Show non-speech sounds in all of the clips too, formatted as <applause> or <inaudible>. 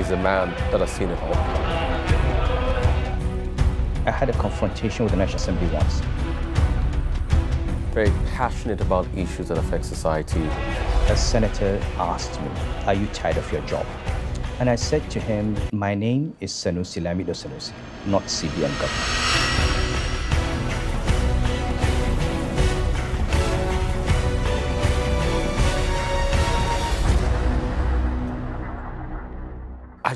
he's a man that has seen it all. I had a confrontation with the National Assembly once. Very passionate about issues that affect society. A senator asked me, are you tired of your job? And I said to him, my name is Senusi Lamido Senusi, not CBN government.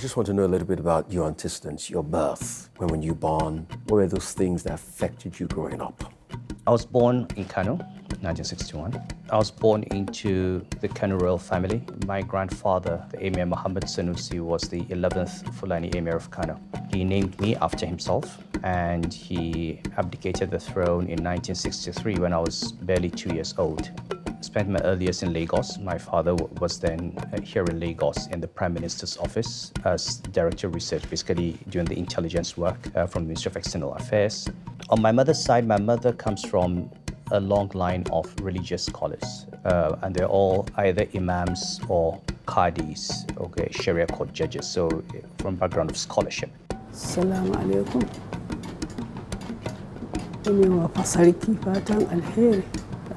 just want to know a little bit about your antecedents, your birth. When were you born? What were those things that affected you growing up? I was born in Kano, 1961. I was born into the Kano royal family. My grandfather, the Emir Muhammad Sanusi, was the 11th Fulani Emir of Kano. He named me after himself, and he abdicated the throne in 1963 when I was barely two years old spent my earliest years in Lagos. My father was then uh, here in Lagos in the Prime Minister's office as Director of Research, basically doing the intelligence work uh, from the Ministry of External Affairs. On my mother's side, my mother comes from a long line of religious scholars, uh, and they're all either imams or qadis, okay, Sharia court judges, so uh, from background of scholarship. Assalamu alaikum.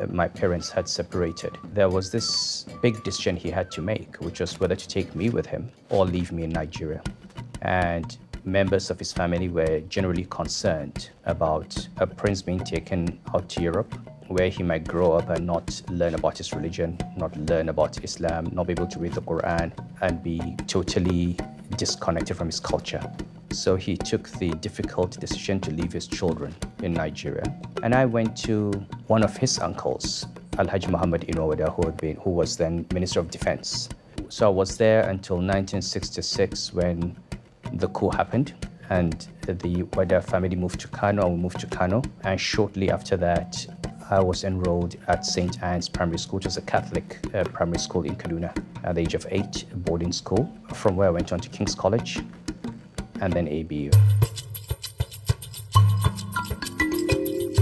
Uh, my parents had separated, there was this big decision he had to make, which was whether to take me with him or leave me in Nigeria. And members of his family were generally concerned about a prince being taken out to Europe where he might grow up and not learn about his religion, not learn about Islam, not be able to read the Quran, and be totally disconnected from his culture. So he took the difficult decision to leave his children in Nigeria. And I went to one of his uncles, Alhaji Muhammad Inouada, who, had been, who was then Minister of Defense. So I was there until 1966 when the coup happened and the Wada family moved to Kano and we moved to Kano. And shortly after that, I was enrolled at St. Anne's Primary School, which is a Catholic uh, primary school in Kaduna, at the age of eight, boarding school, from where I went on to King's College and then ABU.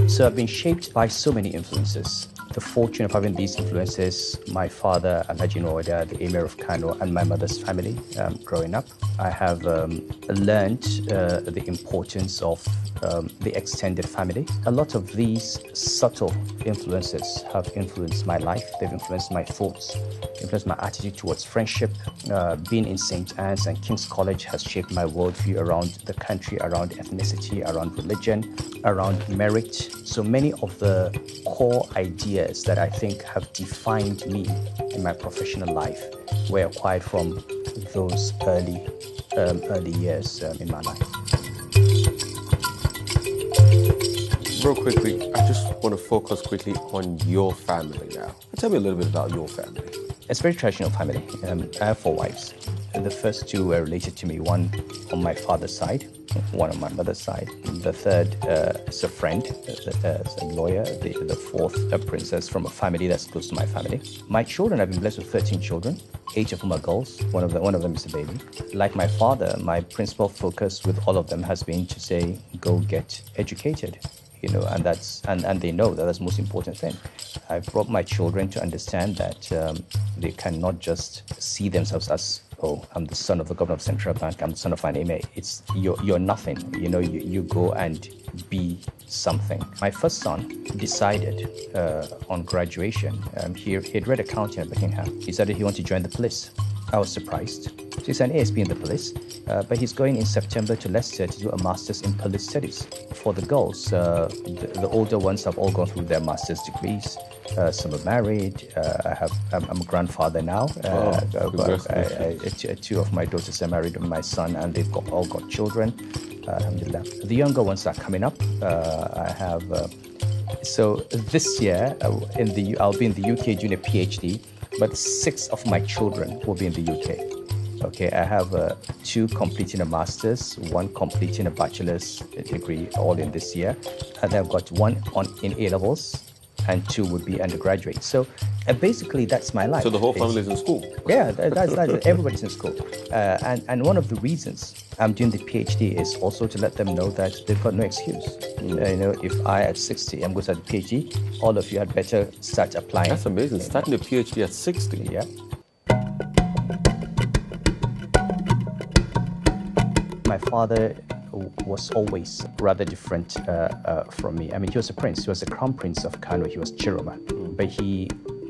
So I've been shaped by so many influences the fortune of having these influences my father, Alhaji Noida, the Emir of Kano, and my mother's family um, growing up. I have um, learned uh, the importance of um, the extended family. A lot of these subtle influences have influenced my life. They've influenced my thoughts, influenced my attitude towards friendship. Uh, being in St. Anne's and King's College has shaped my worldview around the country, around ethnicity, around religion, around merit. So many of the core ideas that I think have defined me in my professional life were acquired from those early um, early years um, in my life. real quickly, I just want to focus quickly on your family now. Tell me a little bit about your family. It's a very traditional family. Um, I have four wives. The first two were related to me, one on my father's side, one on my mother's side. The third uh, is a friend, uh, uh a lawyer. The, the, fourth, a princess from a family that's close to my family. My children, I've been blessed with 13 children, eight of whom are girls. One of, them one of them is a baby. Like my father, my principal focus with all of them has been to say, go get educated you know, and that's and and they know that that's the most important thing. I brought my children to understand that um, they cannot just see themselves as oh, I'm the son of the governor of Central Bank, I'm the son of an MA. It's you're you're nothing. You know, you, you go and be something. My first son decided uh, on graduation. Um, he he'd read accounting at Buckingham. He decided he wanted to join the police. I was surprised so he's an ASB in the police, uh, but he's going in September to Leicester to do a master's in police studies. For the girls, uh, the, the, older ones have all gone through their master's degrees. Uh, some are married. Uh, I have, I'm, I'm, a grandfather now. Uh, oh, uh, I, I, two of my daughters are married, and my son, and they've got, all got children. The younger ones are coming up. I have. so this year, in the I'll be in the UK doing a PhD, but six of my children will be in the UK. Okay, I have uh, two completing a master's, one completing a bachelor's degree, all in this year, and I've got one on in A levels, and two would be undergraduate. So uh, basically, that's my life. So the whole family's in school. Yeah, that's, that's everybody's in school. Uh, and, and one of the reasons I'm doing the PhD is also to let them know that they've got no excuse. Mm. Uh, you know, if I at 60 am going to start a PhD, all of you had better start applying. That's amazing. Starting a PhD at 60. Yeah. my father was always rather different uh, uh, from me. I mean, he was a prince. He was the crown prince of Kano. He was Chiroma. Mm. But he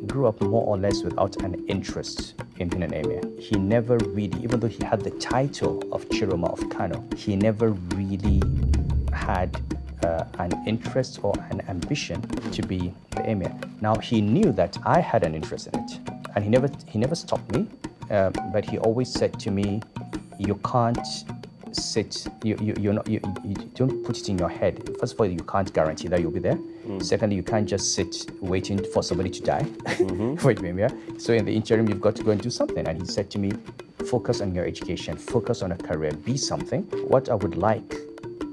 grew up more or less without an interest in being an emir. He never really, even though he had the title of Chiroma of Kano, he never really had uh, an interest or an ambition to be the emir. Now, he knew that I had an interest in it. And he never, he never stopped me, uh, but he always said to me, you can't sit, you, you, you're not, you, you don't put it in your head. First of all, you can't guarantee that you'll be there. Mm. Secondly, you can't just sit waiting for somebody to die. Mm-hmm. <laughs> Wait, So in the interim, you've got to go and do something. And he said to me, focus on your education, focus on a career, be something. What I would like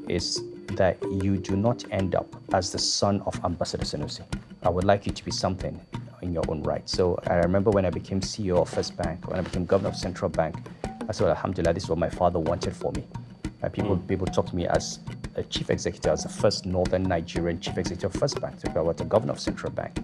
is that you do not end up as the son of Ambassador Sanusi. I would like you to be something in your own right. So I remember when I became CEO of First Bank, when I became governor of Central Bank, I said, Alhamdulillah, this is what my father wanted for me. And people, mm. people talk to me as a chief executive, as the first northern Nigerian chief executive of First Bank, talk about the governor of Central Bank,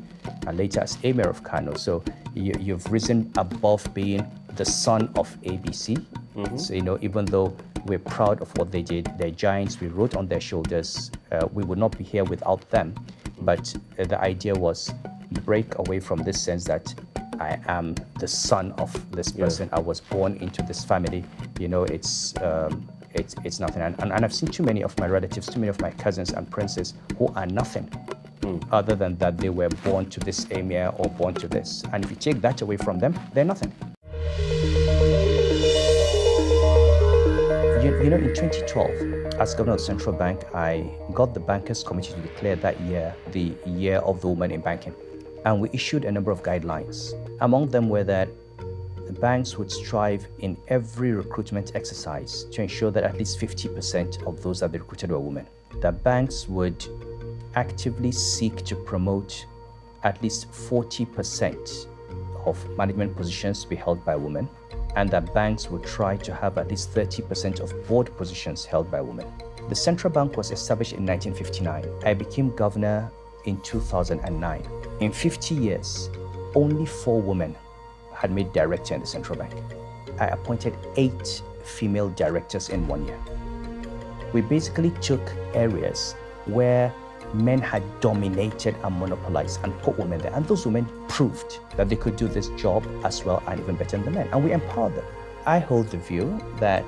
and later as Emir of Kano. So you, you've risen above being the son of ABC. Mm-hmm. So, you know, even though we're proud of what they did, they're giants, we wrote on their shoulders, uh, we would not be here without them. Hmm. But uh, the idea was break away from this sense that I am the son of this person. I was born into this family. You know, it's um, it's it's nothing. And, and, and I've seen too many of my relatives, too many of my cousins and princes who are nothing. Mm. Other than that, they were born to this emir or born to this. And if you take that away from them, they're nothing. You, you know, in 2012, as governor of the central bank, I got the bankers committee to declare that year the year of the woman in banking and we issued a number of guidelines. Among them were that the banks would strive in every recruitment exercise to ensure that at least 50% of those that they recruited were women. That banks would actively seek to promote at least 40% of management positions to be held by women, and that banks would try to have at least 30% of board positions held by women. The central bank was established in 1959. I became governor in 2009. In 50 years, only four women had made director in the central bank. I appointed eight female directors in one year. We basically took areas where men had dominated and monopolized and put women there. And those women proved that they could do this job as well and even better than the men. And we empowered them. I hold the view that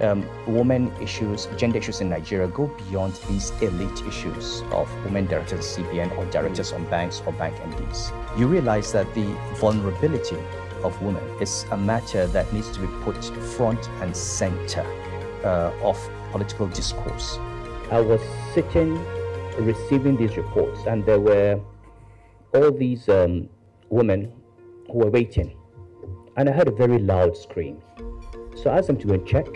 um, women issues, gender issues in Nigeria go beyond these elite issues of women directors at CBN or directors on banks or bank MDs. You realize that the vulnerability of women is a matter that needs to be put front and center uh, of political discourse. I was sitting receiving these reports, and there were all these um, women who were waiting, and I heard a very loud scream so I asked him to go and check.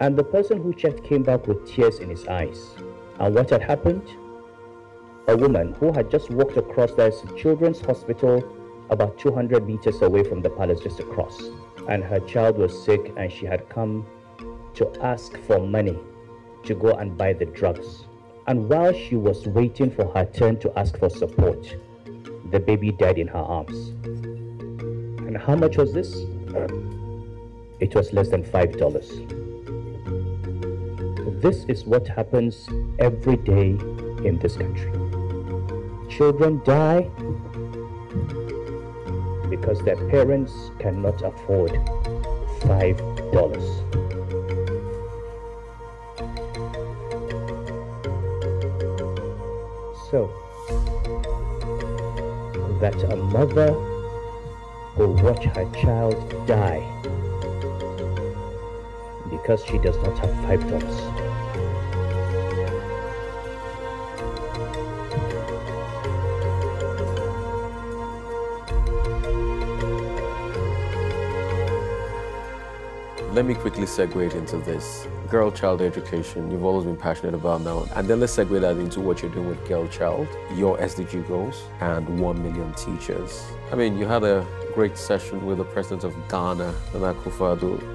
And the person who checked came back with tears in his eyes. And what had happened? A woman who had just walked across there's children's hospital about 200 meters away from the palace, just across. And her child was sick, and she had come to ask for money to go and buy the drugs. And while she was waiting for her turn to ask for support, the baby died in her arms. And how much was this? It was less than $5. This is what happens every day in this country. Children die because their parents cannot afford $5. So, that a mother will watch her child die because she does not have five dollars. Let me quickly segue into this. Girl child education, you've always been passionate about now. And then let's segue that into what you're doing with Girl Child, your SDG goals, and 1 million teachers. I mean, you had a great session with the president of Ghana, Nana akufo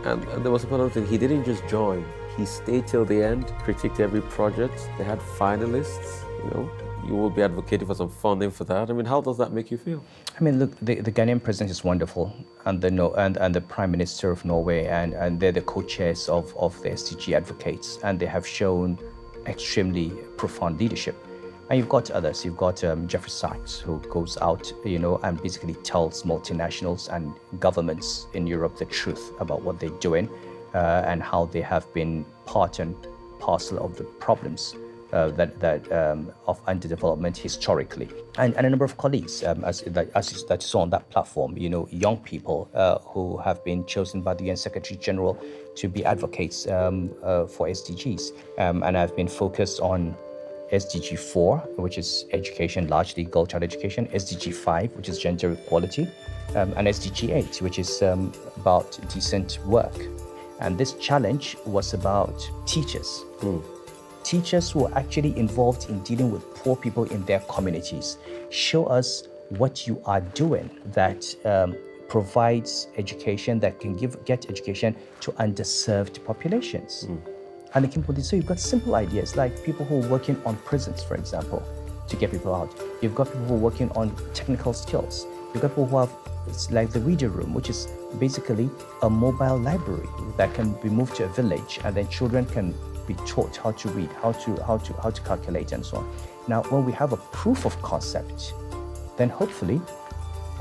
and, and there was another thing, he didn't just join. He stayed till the end, critiqued every project. They had finalists, you know. You will be advocating for some funding for that. I mean, how does that make you feel? I mean, look, the, the Ghanaian president is wonderful, and the and, and the prime minister of Norway, and, and they're the co-chairs of, of the SDG advocates, and they have shown extremely profound leadership and you've got others. You've got um, Jeffrey Sachs, who goes out, you know, and basically tells multinationals and governments in Europe the truth about what they're doing uh, and how they have been part and parcel of the problems uh, that, that um, of underdevelopment historically, and, and a number of colleagues um, as, that, as that saw on that platform, you know, young people uh, who have been chosen by the UN Secretary General to be advocates um, uh, for SDGs, um, and have been focused on SDG 4, which is education, largely girl child education, SDG 5, which is gender equality, um, and SDG 8, which is um, about decent work. And this challenge was about teachers. Mm. Teachers who are actually involved in dealing with poor people in their communities. Show us what you are doing that um, provides education, that can give get education to underserved populations. Mm. And it can this, so you've got simple ideas like people who are working on prisons, for example, to get people out. You've got people who are working on technical skills. You've got people who have, it's like the reader room, which is basically a mobile library that can be moved to a village and then children can be taught how to read, how to, how to, how to calculate and so on. Now, when we have a proof of concept, then hopefully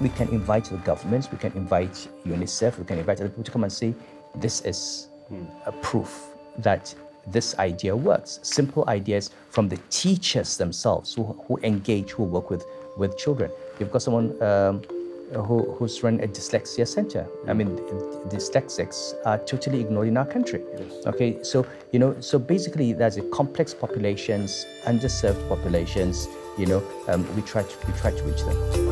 we can invite the governments, we can invite UNICEF, we can invite other people to come and say, this is hmm. a proof that this idea works. Simple ideas from the teachers themselves who, who engage, who work with, with children. You've got someone um, who, who's run a dyslexia center. I mean, mm. dyslexics are totally ignored in our country. Yes. Okay, so, you know, so basically there's a complex populations, underserved populations, you know, um, we, try to, we try to reach them.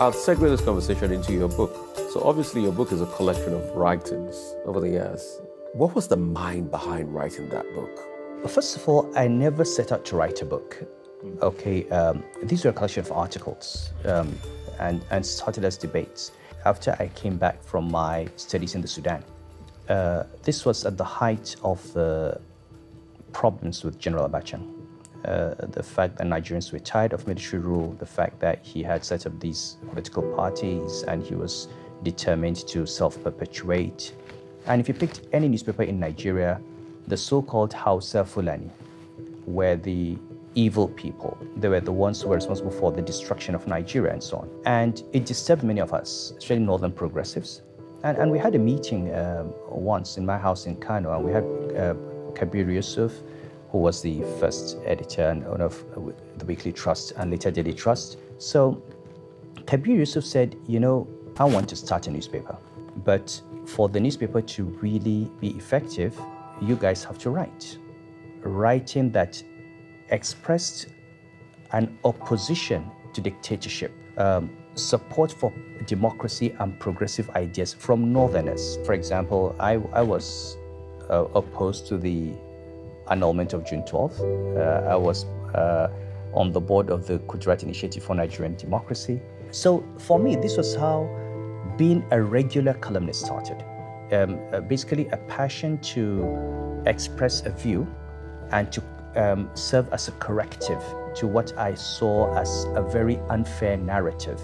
I'll segue this conversation into your book, so obviously your book is a collection of writings over the years. What was the mind behind writing that book? First of all, I never set out to write a book. Hmm. Okay, um, these were a collection of articles um, and, and started as debates. After I came back from my studies in the Sudan, uh, this was at the height of the problems with General Abacha. Uh, the fact that Nigerians were tired of military rule, the fact that he had set up these political parties and he was determined to self perpetuate. And if you picked any newspaper in Nigeria, the so called Hausa Fulani were the evil people. They were the ones who were responsible for the destruction of Nigeria and so on. And it disturbed many of us, especially northern progressives. And, and we had a meeting um, once in my house in Kano, and we had uh, Kabir Yusuf, who was the first editor and owner of uh, the Weekly Trust and later Daily Trust. So Kabir Yusuf said, you know, I want to start a newspaper. But for the newspaper to really be effective, you guys have to write. Writing that expressed an opposition to dictatorship, um, support for democracy and progressive ideas from Northerners. For example, I, I was uh, opposed to the annulment of June 12th. Uh, I was uh, on the board of the Kudrat Initiative for Nigerian Democracy. So for me, this was how being a regular columnist started. Um, uh, basically, a passion to express a view and to um, serve as a corrective to what I saw as a very unfair narrative.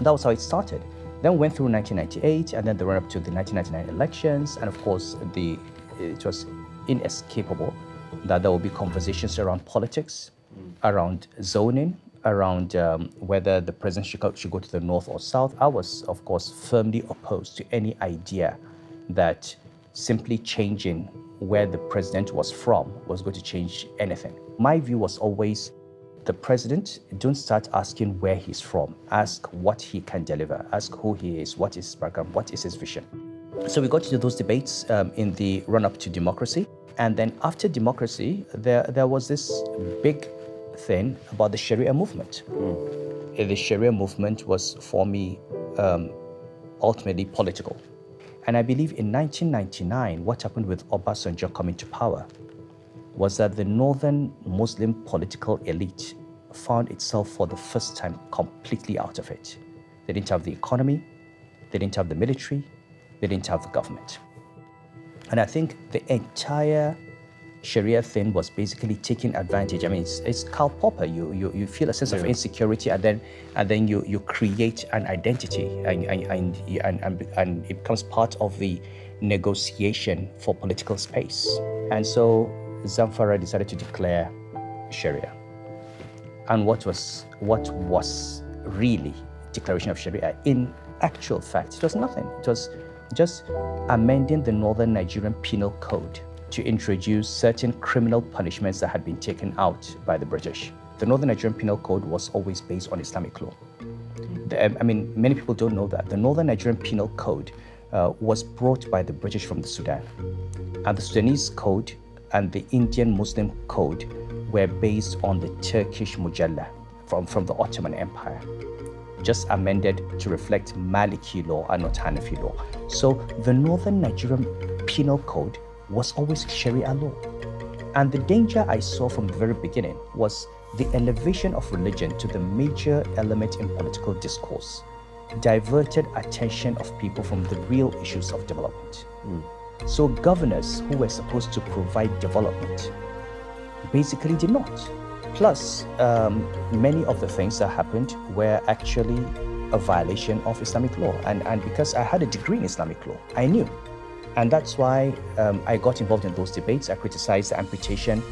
that was how it started. Then went through 1998, and then the run up to the 1999 elections, and of course, the it was inescapable that there will be conversations around politics, mm. around zoning, around um, whether the president should, should go to the north or south, I was, of course, firmly opposed to any idea that simply changing where the president was from was going to change anything. My view was always the president, don't start asking where he's from. Ask what he can deliver. Ask who he is, what is his background, what is his vision. So we got into those debates um, in the run up to democracy. And then after democracy, there, there was this big thing about the Sharia movement. Mm. The Sharia movement was for me um, ultimately political. And I believe in 1999, what happened with Obasanjo coming to power was that the northern Muslim political elite found itself for the first time completely out of it. They didn't have the economy, they didn't have the military, they didn't have the government. And I think the entire Sharia thing was basically taking advantage. I mean, it's, it's Karl Popper. You, you, you feel a sense yeah. of insecurity, and then and then you, you create an identity, and and, and, and, and it becomes part of the negotiation for political space. And so Zamfara decided to declare Sharia. And what was what was really declaration of Sharia in actual fact, it was nothing. It was just amending the Northern Nigerian Penal Code to introduce certain criminal punishments that had been taken out by the British. The Northern Nigerian Penal Code was always based on Islamic law. The, um, I mean, many people don't know that. The Northern Nigerian Penal Code uh, was brought by the British from the Sudan. And the Sudanese Code and the Indian Muslim Code were based on the Turkish Mujalla from, from the Ottoman Empire, just amended to reflect Maliki law and not Hanafi law. So the Northern Nigerian Penal Code was always Sharia law. And the danger I saw from the very beginning was the elevation of religion to the major element in political discourse diverted attention of people from the real issues of development. Mm. So governors who were supposed to provide development basically did not. Plus, um, many of the things that happened were actually a violation of Islamic law. And, and because I had a degree in Islamic law, I knew and that's why um, I got involved in those debates. I criticized the amputation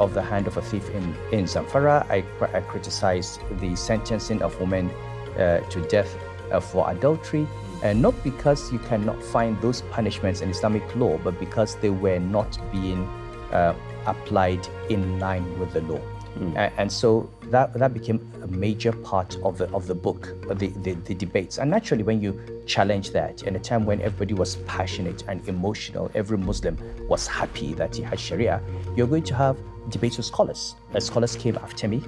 of the hand of a thief in, in Zamfara. I, I criticized the sentencing of women uh, to death uh, for adultery, and not because you cannot find those punishments in Islamic law, but because they were not being uh, applied in line with the law. Mm. And so that, that became a major part of the, of the book, the, the, the, debates. And naturally, when you challenge that in a time when everybody was passionate and emotional, every Muslim was happy that he had Sharia, you're going to have debates with scholars. scholars came after me.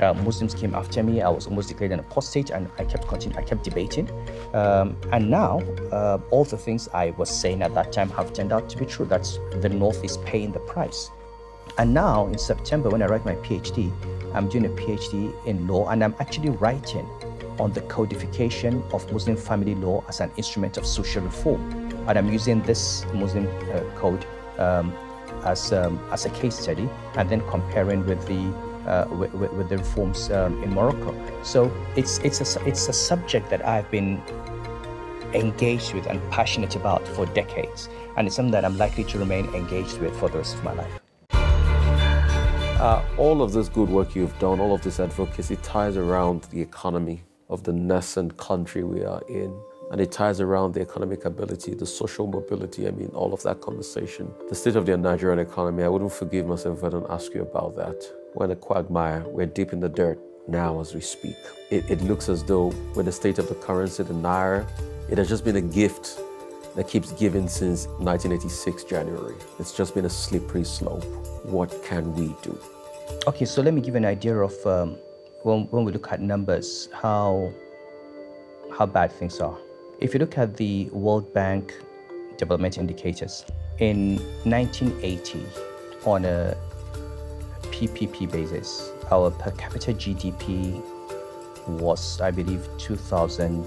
Uh, Muslims came after me. I was almost declared an apostate, and I kept continuing. I kept debating, um, and now uh, all the things I was saying at that time have turned out to be true. That's the North is paying the price. And now in September, when I write my PhD, I'm doing a PhD in law and I'm actually writing on the codification of Muslim family law as an instrument of social reform. And I'm using this Muslim uh, code um, as, um, as a case study and then comparing with the uh, with, with, the reforms um, in Morocco. So it's it's a it's a subject that I've been engaged with and passionate about for decades, and it's something that I'm likely to remain engaged with for the rest of my life. Uh, all of this good work you've done, all of this advocacy ties around the economy of the nascent country we are in. And it ties around the economic ability, the social mobility, I mean, all of that conversation. The state of the Nigerian economy, I wouldn't forgive myself if I don't ask you about that. We're in a quagmire, we're deep in the dirt now as we speak. It, it looks as though with the state of the currency, the Naira, it has just been a gift that keeps giving since 1986 January. It's just been a slippery slope. What can we do? Okay, so let me give an idea of um, when, when we look at numbers, how, how bad things are. If you look at the World Bank development indicators, in 1980, on a PPP basis, our per capita GDP was, I believe, 2,000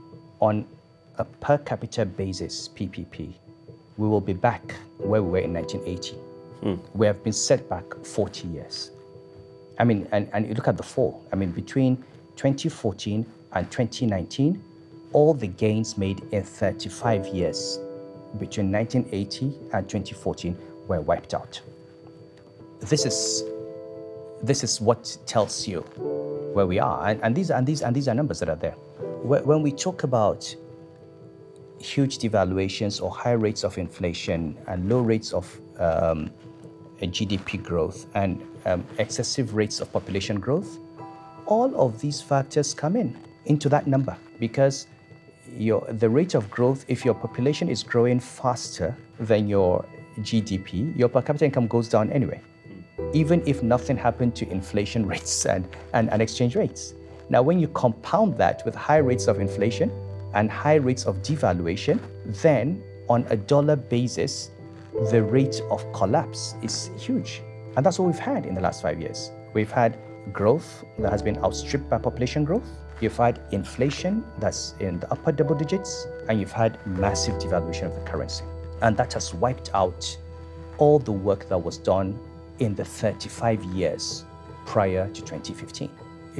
on a per capita basis, PPP, we will be back where we were in 1980. Hmm. We have been set back 40 years. I mean, and, and you look at the fall. I mean, between 2014 and 2019, all the gains made in 35 years between 1980 and 2014 were wiped out. This is, this is what tells you where we are. And, and, these, and, these, and these are numbers that are there when we talk about huge devaluations or high rates of inflation and low rates of um, GDP growth and um, excessive rates of population growth, all of these factors come in into that number because your, the rate of growth, if your population is growing faster than your GDP, your per capita income goes down anyway, even if nothing happened to inflation <laughs> rates and, and, and exchange rates. Now, when you compound that with high rates of inflation and high rates of devaluation, then on a dollar basis, the rate of collapse is huge. And that's what we've had in the last five years. We've had growth that has been outstripped by population growth. You've had inflation that's in the upper double digits, and you've had massive devaluation of the currency. And that has wiped out all the work that was done in the 35 years prior to 2015.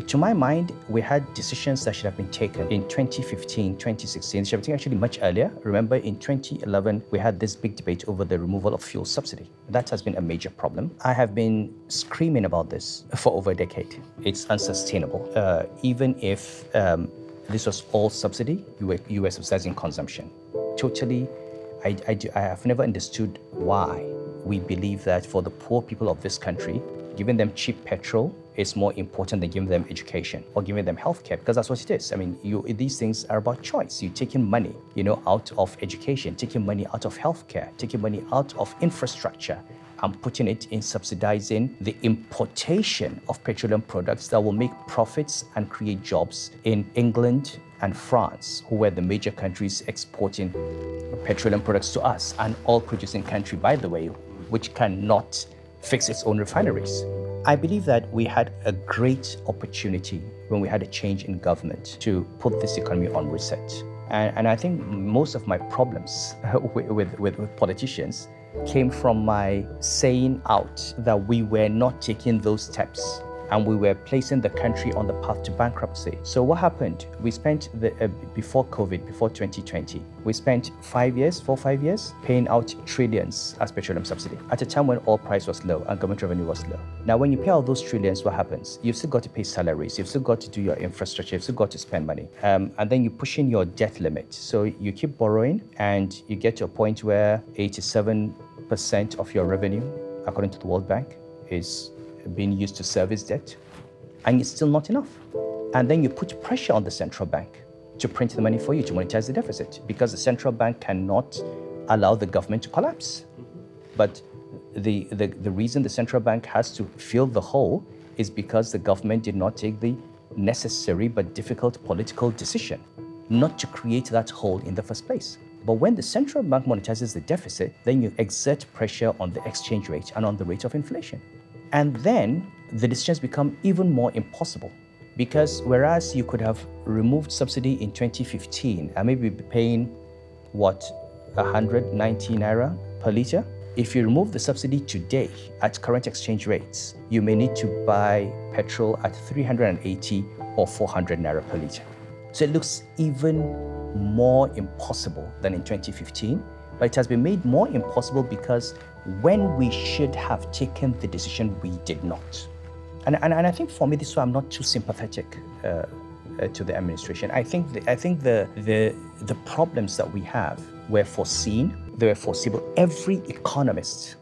To my mind, we had decisions that should have been taken in 2015, 2016. should have been actually much earlier. Remember, in 2011, we had this big debate over the removal of fuel subsidy. That has been a major problem. I have been screaming about this for over a decade. It's unsustainable. Uh, even if um, this was all subsidy, you were, you were subsidizing consumption. Totally, I, I, do, I have never understood why we believe that for the poor people of this country, giving them cheap petrol is more important than giving them education or giving them healthcare because that's what it is. I mean, you, these things are about choice. You're taking money, you know, out of education, taking money out of healthcare, taking money out of infrastructure, and putting it in subsidizing the importation of petroleum products that will make profits and create jobs in England and France, who were the major countries exporting petroleum products to us, an oil producing country, by the way, which cannot fix its own refineries. I believe that we had a great opportunity when we had a change in government to put this economy on reset. And, and I think most of my problems <laughs> with, with, with politicians came from my saying out that we were not taking those steps and we were placing the country on the path to bankruptcy. So what happened? We spent the uh, before COVID, before 2020, we spent five years, four five years, paying out trillions as petroleum subsidy at a time when oil price was low and government revenue was low. Now, when you pay out those trillions, what happens? You've still got to pay salaries, you've still got to do your infrastructure, you've still got to spend money, um, and then you're pushing your debt limit. So you keep borrowing, and you get to a point where 87% of your revenue, according to the World Bank, is being used to service debt, and it's still not enough. And then you put pressure on the central bank to print the money for you to monetize the deficit because the central bank cannot allow the government to collapse. But the, the, the reason the central bank has to fill the hole is because the government did not take the necessary but difficult political decision not to create that hole in the first place. But when the central bank monetizes the deficit, then you exert pressure on the exchange rate and on the rate of inflation. And then the decisions become even more impossible because whereas you could have removed subsidy in 2015 and maybe be paying what 190 naira per liter if you remove the subsidy today at current exchange rates, you may need to buy petrol at 380 or 400 naira per liter. So it looks even more impossible than in 2015, but it has been made more impossible because when we should have taken the decision we did not. And, and, and I think for me, this is why I'm not too sympathetic uh, uh, to the administration. I think, the, I think the, the, the problems that we have were foreseen, they were foreseeable. Every economist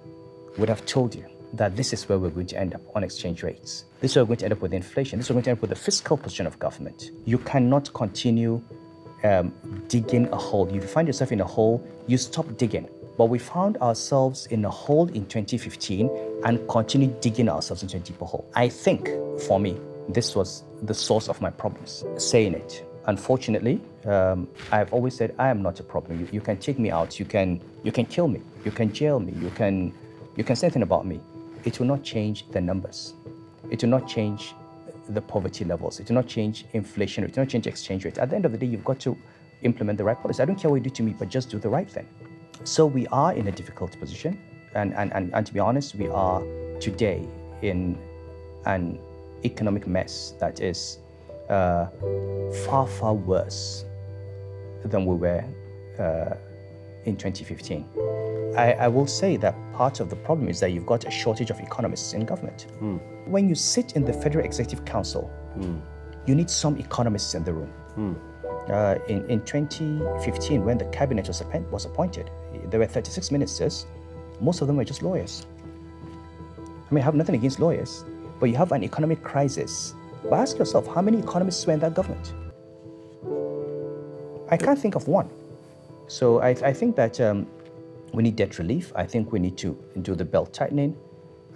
would have told you that this is where we're going to end up on exchange rates. This is where we're going to end up with inflation. This is where we're going to end up with the fiscal position of government. You cannot continue um, digging a hole. You find yourself in a hole, you stop digging but we found ourselves in a hole in 2015 and continued digging ourselves into a deeper hole. I think, for me, this was the source of my problems, saying it. Unfortunately, um, I've always said, I am not a problem. You, you can take me out, you can, you can kill me, you can jail me, you can, you can say anything about me. It will not change the numbers. It will not change the poverty levels. It will not change inflation. It will not change exchange rate. At the end of the day, you've got to implement the right policy. I don't care what you do to me, but just do the right thing. So we are in a difficult position. And, and, and, and to be honest, we are today in an economic mess that is uh, far, far worse than we were uh, in 2015. I, I, will say that part of the problem is that you've got a shortage of economists in government. Mm. When you sit in the Federal Executive Council, mm. you need some economists in the room. Mm. Uh, in, in 2015, when the cabinet was, was appointed, there were 36 ministers. Most of them were just lawyers. I mean, I have nothing against lawyers, but you have an economic crisis. But ask yourself, how many economists were in that government? I can't think of one. So I, I think that um, we need debt relief. I think we need to do the belt tightening.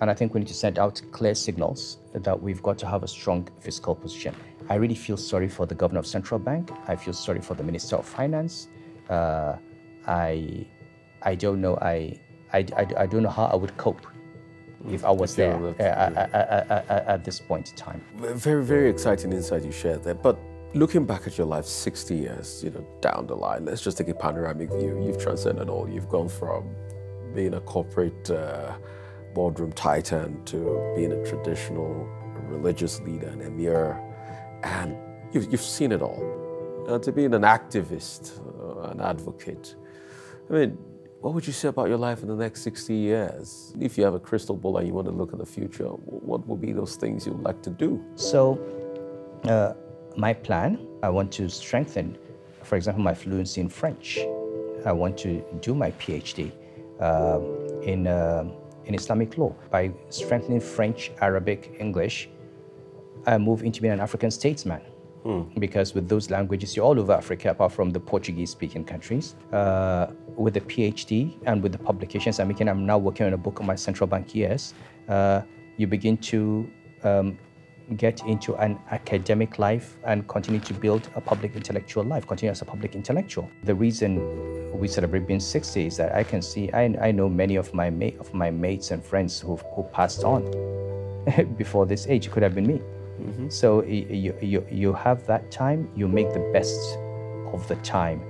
And I think we need to send out clear signals that we've got to have a strong fiscal position. I really feel sorry for the governor of central bank. I feel sorry for the minister of finance. Uh, I, I don't know. I, I, I, I, don't know how I would cope if I was there at, yeah. Uh, uh, uh, at, this point in time. Very, very exciting insight you shared there. But looking back at your life 60 years, you know, down the line, let's just take a panoramic view. You've transcended all. You've gone from being a corporate uh, boardroom titan to being a traditional religious leader and emir and you've, you've seen it all. Uh, to being an activist, uh, an advocate. I mean, what would you say about your life in the next 60 years? If you have a crystal ball and you want to look at the future, what would be those things you'd like to do? So, uh, my plan, I want to strengthen, for example, my fluency in French. I want to do my PhD um, in, uh, in Islamic law by strengthening French, Arabic, English, I uh, move into being an African statesman. Hmm. Because with those languages, you're all over Africa, apart from the Portuguese speaking countries. Uh, with a PhD and with the publications I'm making, I'm now working on a book on my central bank years. Uh, you begin to um, get into an academic life and continue to build a public intellectual life, continue as a public intellectual. The reason we celebrate being 60 is that I can see, I, I know many of my, of my mates and friends who who passed on <laughs> before this age. It could have been me. Mm-hmm. So you, you, you have that time, you make the best of the time.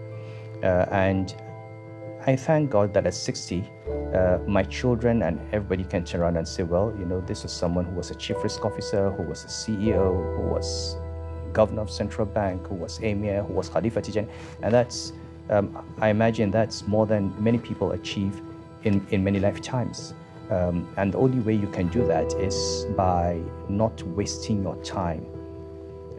Uh, and I thank God that at 60, uh, my children and everybody can turn around and say, well, you know, this was someone who was a chief risk officer, who was a CEO, who was governor of central bank, who was emir, who was Khalifa Tijan. And that's, um, I imagine that's more than many people achieve in, in many lifetimes. Um, and the only way you can do that is by not wasting your time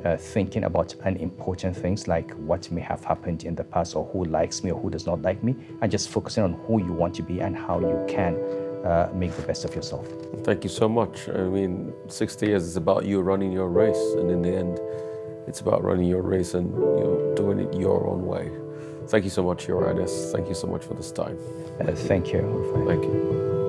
uh, thinking about unimportant things like what may have happened in the past or who likes me or who does not like me, and just focusing on who you want to be and how you can uh, make the best of yourself. Thank you so much. I mean, 60 years is about you running your race, and in the end, it's about running your race and you know, doing it your own way. Thank you so much, Your Thank you so much for this time. Uh, thank you. Thank you.